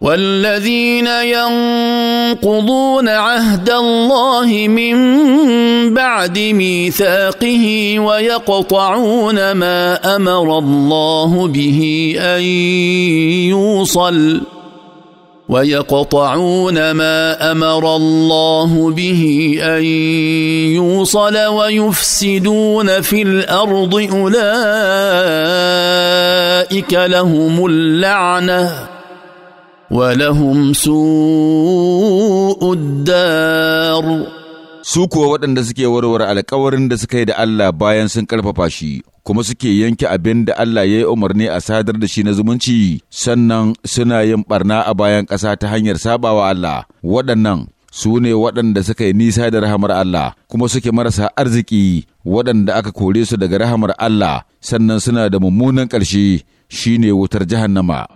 والذين ينقضون عهد الله من بعد ميثاقه ويقطعون ما امر الله به ان يوصل ويقطعون ما امر الله به ان يوصل ويفسدون في الارض اولئك لهم اللعنه ولهم سوء الدار su kuwa waɗanda suke warware alkawarin da suka yi da Allah bayan sun ƙarfafa shi kuma suke yanke abin da Allah ya yi umarni a sadar da shi na zumunci sannan suna yin barna a bayan ƙasa ta hanyar sabawa Allah waɗannan su ne waɗanda suka yi nisa da rahamar Allah kuma suke marasa arziki waɗanda aka kore su daga rahamar Allah sannan suna da mummunan ƙarshe shine wutar jahannama.